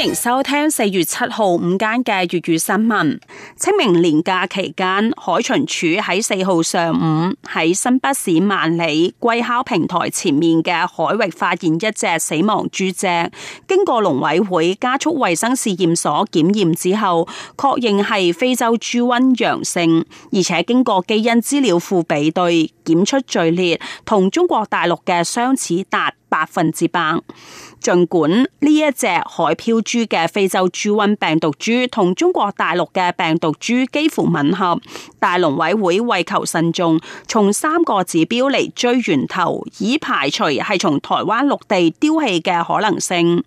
歡迎收聽四月七號午間嘅粵語新聞。清明連假期間，海巡署喺四號上午喺新北市萬里龜吼平台前面嘅海域發現一隻死亡豬隻，經過農委會家畜衛生試驗所檢驗之後，確認係非洲豬瘟陽性，而且經過基因資料庫比對，檢出序列同中國大陸嘅相似度達百分之百。儘管呢一隻海漂豬嘅非洲豬瘟病毒豬同中國大陸嘅病毒豬幾乎吻合，但係農委會為求慎重，從三個指標嚟追源頭，以排除係從台灣陸地丟棄嘅可能性。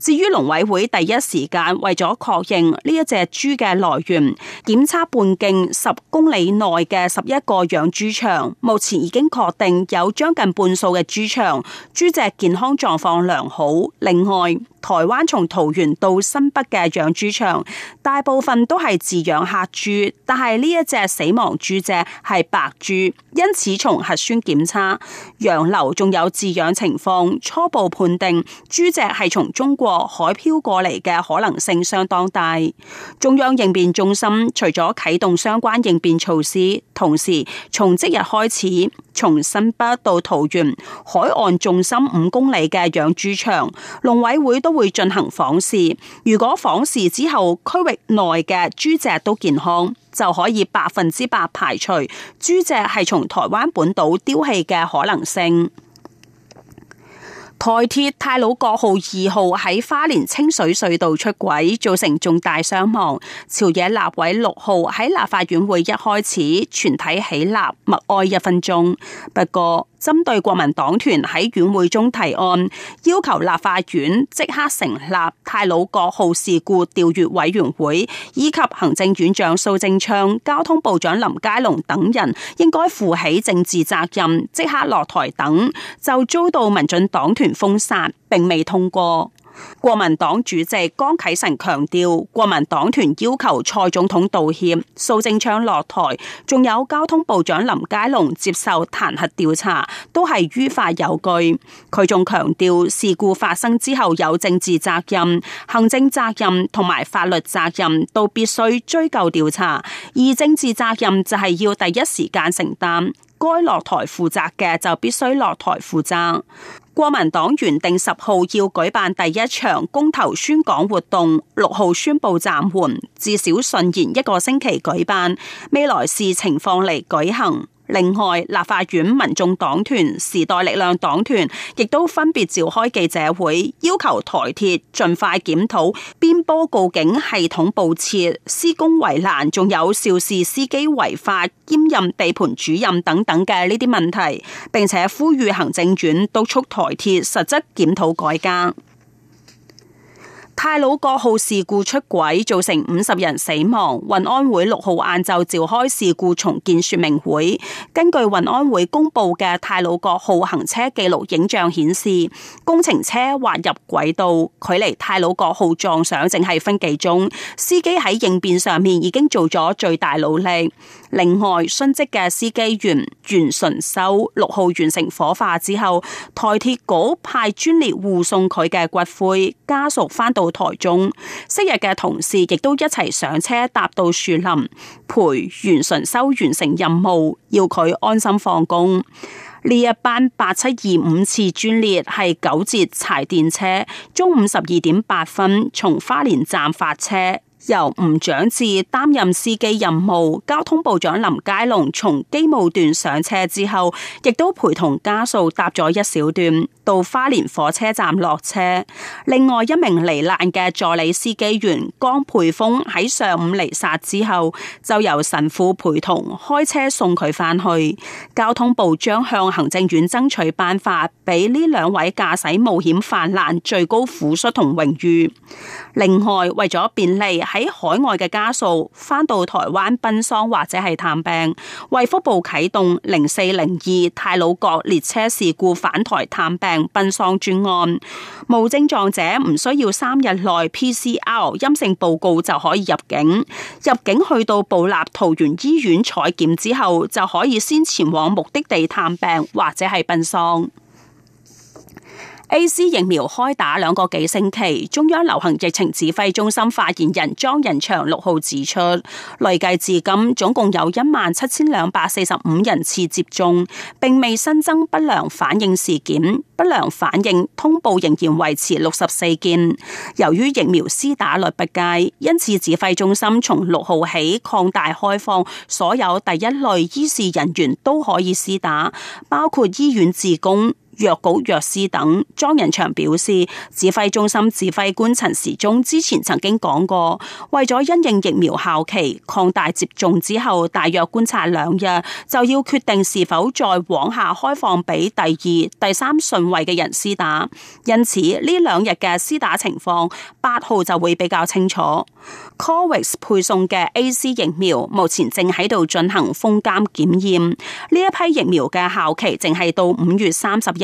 至於農委會第一時間為咗確認呢一隻豬嘅來源，檢測半徑十公里內嘅十一個養豬場，目前已經確定有將近半數嘅豬場豬隻。健康狀況良好。另外，台灣從桃園到新北嘅養豬場，大部分都係自養黑豬，但係呢一隻死亡豬隻係白豬，因此從核酸檢測、洋流仲有飼養情況，初步判定豬隻係從中國海漂過嚟嘅可能性相當大。中央應變中心除咗啟動相關應變措施，同時從即日開始。從新北到桃園海岸，縱深五公里嘅養豬場，農委會都會進行訪視。如果訪視之後區域內嘅豬隻都健康，就可以百分之百排除豬隻係從台灣本島丟棄嘅可能性。台鐵太魯閣號二號喺花蓮清水隧道出軌，造成重大傷亡。朝野立委六號喺立法院會一開始，全體起立默哀一分鐘。不過，針對國民黨團喺院會中提案，要求立法院即刻成立太魯閣號事故調閱委員會，以及行政院長蘇貞昌、交通部長林佳龍等人應該負起政治責任，即刻落台等，就遭到民進黨團。封殺，並未通過。國民黨主席江啟臣強調，國民黨團要求蔡總統道歉、蘇貞昌落台，仲有交通部長林佳龍接受彈劾調查，都係於法有據。佢仲強調，事故發生之後有政治責任、行政責任同埋法律責任，都必須追究調查。而政治責任就係要第一時間承擔。該落台負責嘅，就必須落台負責。國民黨原定十號要舉辦第一場公投宣講活動，六號宣布暫緩，至少順延一個星期舉辦，未來視情況嚟舉行。另外，立法院民眾黨團、時代力量黨團亦都分別召開記者會，要求台鐵盡快檢討邊坡告警系統佈設、施工圍欄，仲有肇事司機違法兼任地盤主任等等嘅呢啲問題，並且呼籲行政院督促台鐵實質檢討改革。太魯閣號事故出軌造成五十人死亡，運安會六號晏晝召開事故重建說明會。根據運安會公布嘅太魯閣號行車記錄影像顯示，工程車滑入軌道，距離太魯閣號撞上淨係分幾鐘。司機喺應變上面已經做咗最大努力。另外殉職嘅司機員袁淳修六號完成火化之後，台鐵局派專列護送佢嘅骨灰家屬返到台中，昔日嘅同事亦都一齊上車，搭到樹林陪袁淳修完成任務，要佢安心放工。呢一班八七二五次專列係九節柴電車，中午十二點八分從花蓮站發車。由吳長志擔任司機任務，交通部長林佳龍從機務段上車之後，亦都陪同家屬搭咗一小段到花蓮火車站落車。另外一名罹難嘅助理司機員江沛峰喺上午離世之後，就由神父陪同開車送佢返去。交通部將向行政院爭取辦法，俾呢兩位駕駛冒險犯難最高撫卹同榮譽。另外為咗便利喺海外嘅家屬返到台灣奔喪，或者係探病，衛福部啟動零四零二太魯閣列車事故返台探病奔喪專案，無症狀者唔需要三日內 PCR 陰性報告就可以入境。入境去到部立桃園醫院採檢之後，就可以先前往目的地探病或者係奔喪。A. C. 疫苗開打兩個幾星期，中央流行疫情指揮中心發言人莊人祥六號指出，累計至今總共有一萬七千兩百四十五人次接種，並未新增不良反應事件。不良反應通報仍然維持六十四件。由於疫苗施打率不佳，因此指揮中心從六號起擴大開放，所有第一類醫事人員都可以施打，包括醫院自工，藥局、藥師等，莊人祥表示，指揮中心指揮官陳時中之前曾經講過，為咗因應疫苗效期擴大接種之後，大約觀察兩日就要決定是否再往下開放俾第二、第三順位嘅人施打，因此呢兩日嘅施打情況，八號就會比較清楚。COVAX 配送嘅 A C 疫苗目前正喺度進行封監檢驗，呢一批疫苗嘅效期淨係到五月三十一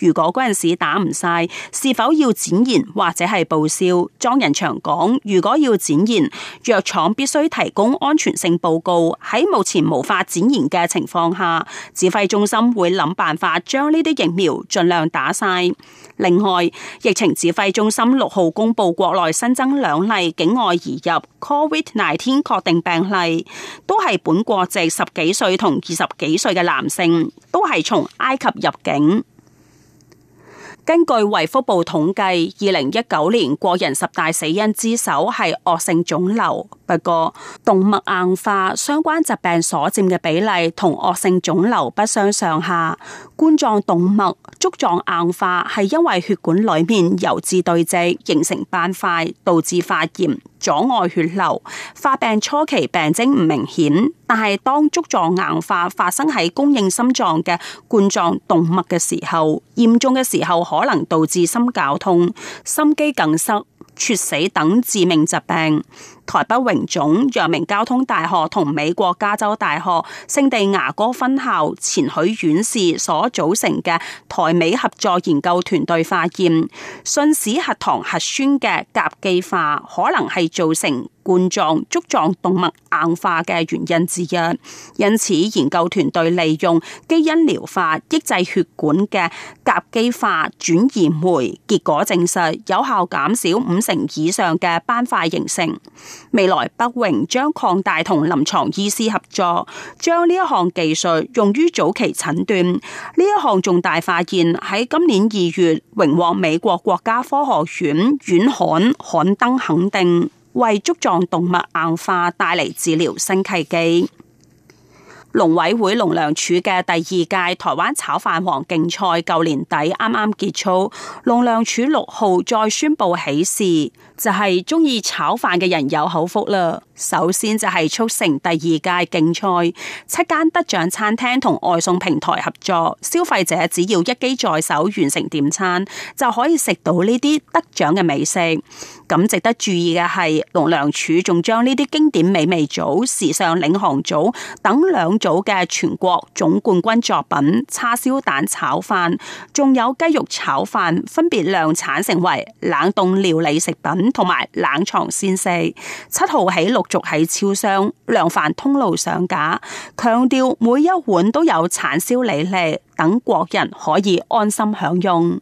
如果嗰陣時打唔晒，是否要展延或者係報銷？莊人祥講：如果要展延，藥廠必須提供安全性報告。喺目前無法展延嘅情況下，指揮中心會諗辦法將呢啲疫苗盡量打晒。另外，疫情指揮中心六號公布國內新增兩例境外移入 Covid nineteen 確定病例，都係本國籍十幾歲同二十幾歲嘅男性，都係從埃及入境。根據衛福部統計，二零一九年國人十大死因之首係惡性腫瘤。不過，動脈硬化相關疾病所占嘅比例同惡性腫瘤不相上下。冠狀動脈。粥狀硬化係因為血管裏面油脂堆積形成斑塊，導致發炎、阻礙血流。發病初期病徵唔明顯，但係當粥狀硬化發生喺供應心臟嘅冠狀動脈嘅時候，嚴重嘅時候可能導致心絞痛、心肌梗塞、猝死等致命疾病。台北榮總、陽明交通大學同美國加州大學聖地牙哥分校錢煦院士所組成嘅台美合作研究團隊發現，信使核糖核酸嘅甲基化可能係造成冠狀、足狀動脈硬化嘅原因之一。因此，研究團隊利用基因療法抑制血管嘅甲基化轉移酶，結果證實有效減少五成以上嘅斑塊形成。未來北榮將擴大同臨床醫師合作，將呢一項技術用於早期診斷。呢一項重大發現喺今年二月榮獲美國國家科學院院刊刊登肯定，為冠狀動脈硬化帶嚟治療新契機。農委會農糧署嘅第二屆台灣炒飯王競賽舊年底啱啱結束，農糧署六號再宣布喜事，就係中意炒飯嘅人有口福啦。首先就係促成第二屆競賽七間得獎餐廳同外送平台合作，消費者只要一機在手完成點餐，就可以食到呢啲得獎嘅美食。咁值得注意嘅係，農糧署仲將呢啲經典美味組、時尚領航組等兩組嘅全國總冠軍作品叉燒蛋炒飯，仲有雞肉炒飯，分別量產成為冷凍料理食品同埋冷藏鮮食，七號起六續喺超商量販通路上架，強調每一碗都有產銷履歷，等國人可以安心享用。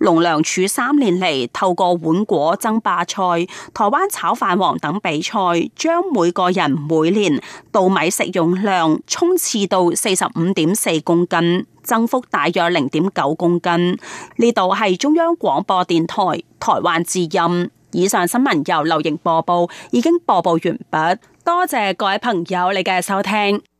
農糧署三年嚟透過碗果爭霸賽、台灣炒飯王等比賽，將每個人每年稻米食用量衝刺到四十五點四公斤，增幅大約零點九公斤。呢度係中央廣播電台台灣之音。以上新聞由劉盈播報，已經播報完畢。多謝各位朋友你嘅收聽。